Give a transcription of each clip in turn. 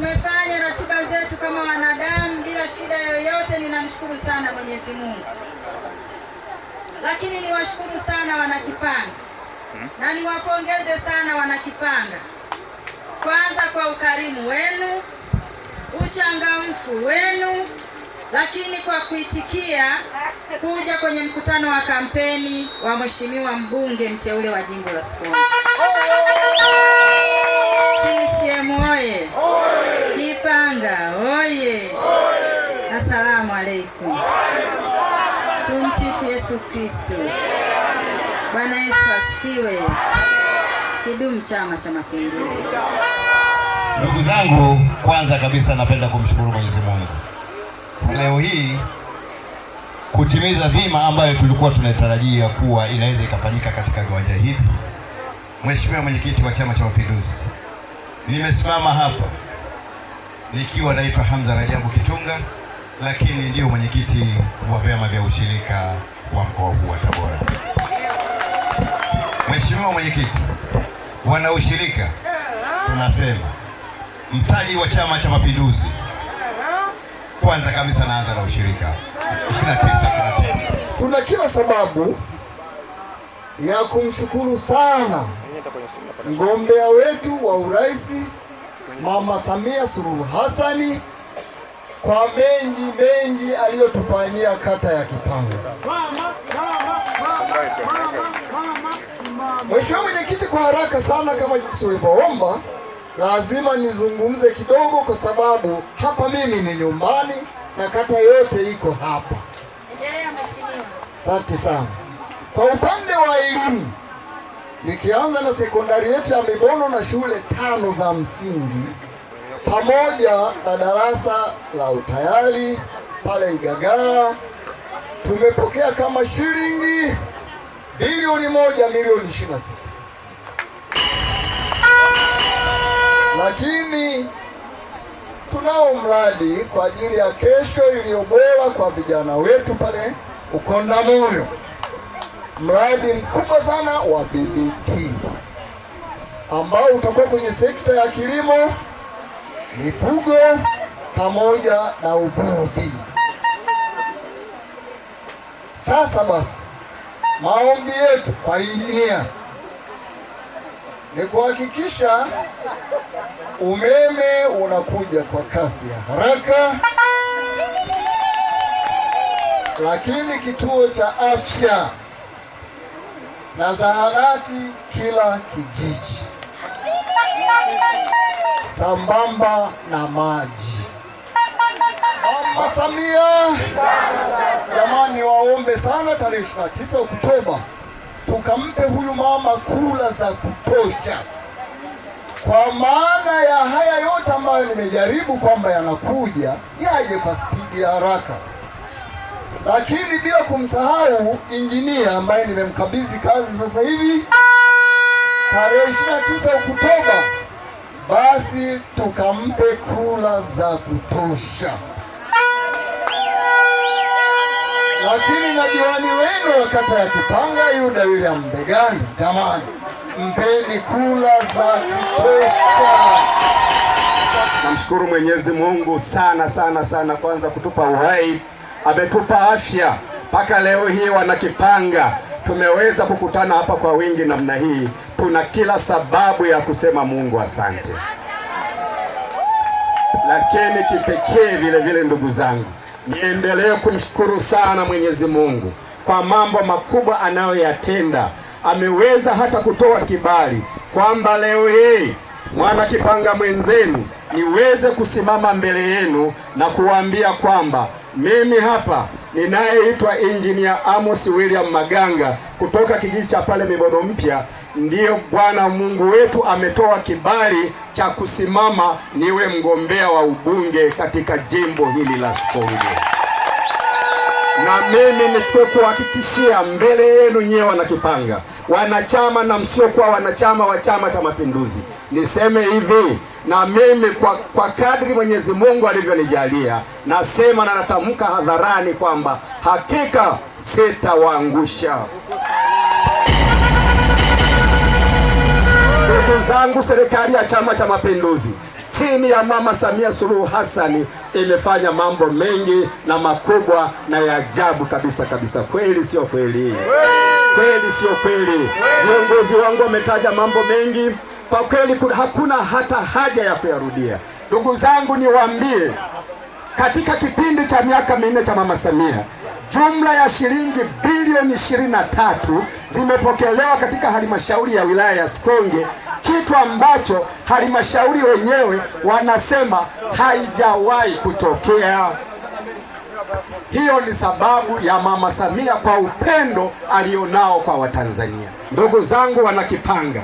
tumefanya ratiba zetu kama wanadamu bila shida yoyote. Ninamshukuru sana Mwenyezi Mungu, lakini niwashukuru sana Wanakipanga hmm? na niwapongeze sana Wanakipanga, kwanza kwa ukarimu wenu, uchangamfu wenu, lakini kwa kuitikia kuja kwenye mkutano wa kampeni wa Mheshimiwa mbunge mteule wa jimbo la Sikonge. Yesu Kristo. Bwana Yesu asifiwe. Kidumu Chama cha Mapinduzi. Ndugu zangu, kwanza kabisa napenda kumshukuru Mwenyezi Mungu leo hii kutimiza dhima ambayo tulikuwa tunatarajia kuwa inaweza ikafanyika katika viwanja hivi. Mheshimiwa mwenyekiti wa Chama cha Mapinduzi, nimesimama hapa nikiwa naitwa Hamza Rajabu Kitunga, lakini ndiyo mwenyekiti wa vyama vya ushirika wa mkoa huu wa Tabora. Mheshimiwa Mwenyekiti, wanaushirika tunasema mtaji wa Chama cha Mapinduzi kwanza kabisa naanza na ushirika 29 tuna kila sababu ya kumshukuru sana mgombea wetu wa urais Mama Samia Suluhu Hassani kwa mengi mengi aliyotufanyia kata ya Kipanga. Mheshimiwa Mwenyekiti, kwa haraka sana kama jinsi ulivyoomba, lazima nizungumze kidogo, kwa sababu hapa mimi ni nyumbani na kata yote iko hapa. Asante sana. Kwa upande wa elimu, nikianza na sekondari yetu ya Mibono na shule tano za msingi pamoja na darasa la utayari pale igagaa tumepokea kama shilingi bilioni moja milioni ishirini na sita lakini tunao mradi kwa ajili ya kesho iliyo bora kwa vijana wetu pale ukonda moyo mradi mkubwa sana wa BBT ambao utakuwa kwenye sekta ya kilimo mifugo pamoja na uvuvi. Sasa basi, maombi yetu kwa injinia ni kuhakikisha umeme unakuja kwa kasi ya haraka, lakini kituo cha afya na zahanati kila kijiji sambamba na maji. Mama Samia, jamani, waombe sana tarehe 29 Oktoba tukampe huyu mama kula za kutosha, kwa maana ya haya yote ambayo nimejaribu kwamba yanakuja yaje kwa spidi ya haraka, lakini bila kumsahau injinia ambaye nimemkabidhi kazi sasa hivi tarehe 29 Oktoba basi tukampe kula za kutosha. Lakini na diwani wenu wa kata ya Kipanga Yuda William Mbegani, jamani, mpeni kula za kutosha. Namshukuru Mwenyezi Mungu sana sana sana, kwanza kutupa uhai, ametupa afya mpaka leo hii, wanakipanga tumeweza kukutana hapa kwa wingi namna hii, tuna kila sababu ya kusema Mungu asante. Lakini kipekee vile vile, ndugu zangu, niendelee kumshukuru sana Mwenyezi Mungu kwa mambo makubwa anayoyatenda. Ameweza hata kutoa kibali kwamba leo hii mwana kipanga mwenzenu niweze kusimama mbele yenu na kuwaambia kwamba mimi hapa ninayeitwa Injinia Amos William Maganga kutoka kijiji cha pale mibodo Mpya, ndiyo Bwana Mungu wetu ametoa kibali cha kusimama niwe mgombea wa ubunge katika jimbo hili la Sikonge. Na mimi nichukue kuhakikishia mbele yenu nyewe, wanakipanga wanachama na msiokuwa wanachama wa Chama cha Mapinduzi, Niseme hivi na mimi kwa, kwa kadri Mwenyezi Mungu alivyonijalia, nasema na natamka hadharani kwamba hakika sitawaangusha. Ndugu zangu, serikali ya Chama cha Mapinduzi chini ya Mama Samia Suluhu Hassan imefanya mambo mengi na makubwa na ya ajabu kabisa kabisa. Kweli sio kweli? Kweli sio kweli? Viongozi wangu wametaja mambo mengi kwa kweli hakuna hata haja ya kuyarudia. Ndugu zangu, niwaambie katika kipindi cha miaka minne cha Mama Samia jumla ya shilingi bilioni tatu zimepokelewa katika halmashauri ya wilaya ya Sikonge, kitu ambacho halmashauri wenyewe wanasema haijawahi kutokea. Hiyo ni sababu ya Mama Samia kwa upendo alionao kwa Watanzania. Ndugu zangu, wanakipanga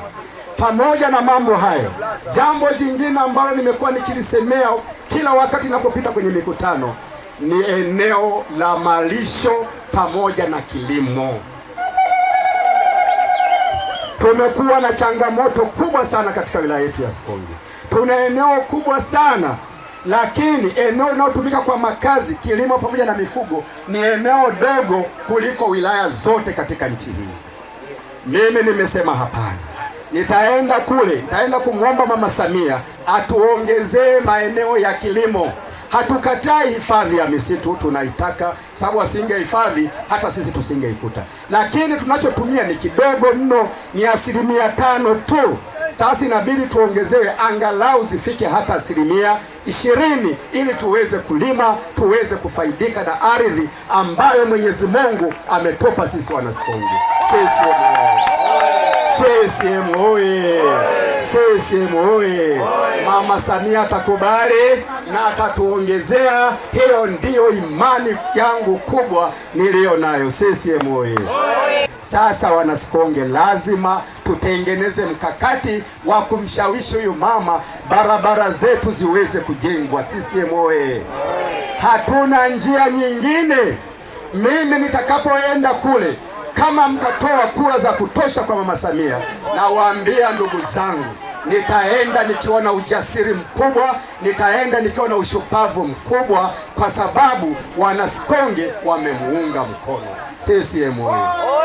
pamoja na mambo hayo, jambo jingine ambalo nimekuwa nikilisemea kila wakati ninapopita kwenye mikutano ni eneo la malisho pamoja na kilimo. Tumekuwa na changamoto kubwa sana katika wilaya yetu ya Sikonge. Tuna eneo kubwa sana lakini eneo linalotumika kwa makazi, kilimo pamoja na mifugo ni eneo dogo kuliko wilaya zote katika nchi hii. Mimi nimesema hapana nitaenda kule, nitaenda kumwomba Mama Samia atuongezee maeneo ya kilimo. Hatukatai hifadhi ya misitu, tunaitaka sababu, asinge hifadhi hata sisi tusingeikuta, lakini tunachotumia ni kidogo mno, ni asilimia tano tu. Sasa inabidi tuongezewe angalau zifike hata asilimia ishirini ili tuweze kulima, tuweze kufaidika na ardhi ambayo Mwenyezi Mungu ametupa sisi Wanasikonge sisi CCM oye! CCM oye! Mama Samia atakubali na atatuongezea. Hiyo ndiyo imani yangu kubwa niliyo nayo. CCM oye! Sasa Wanasikonge, lazima tutengeneze mkakati wa kumshawishi huyu mama, barabara zetu ziweze kujengwa. CCM oye! Hatuna njia nyingine. Mimi nitakapoenda kule kama mtatoa kura za kutosha kwa mama Samia, nawaambia ndugu zangu, nitaenda nikiwa na ujasiri mkubwa, nitaenda nikiwa na ushupavu mkubwa, kwa sababu wanasikonge wamemuunga mkono CCM.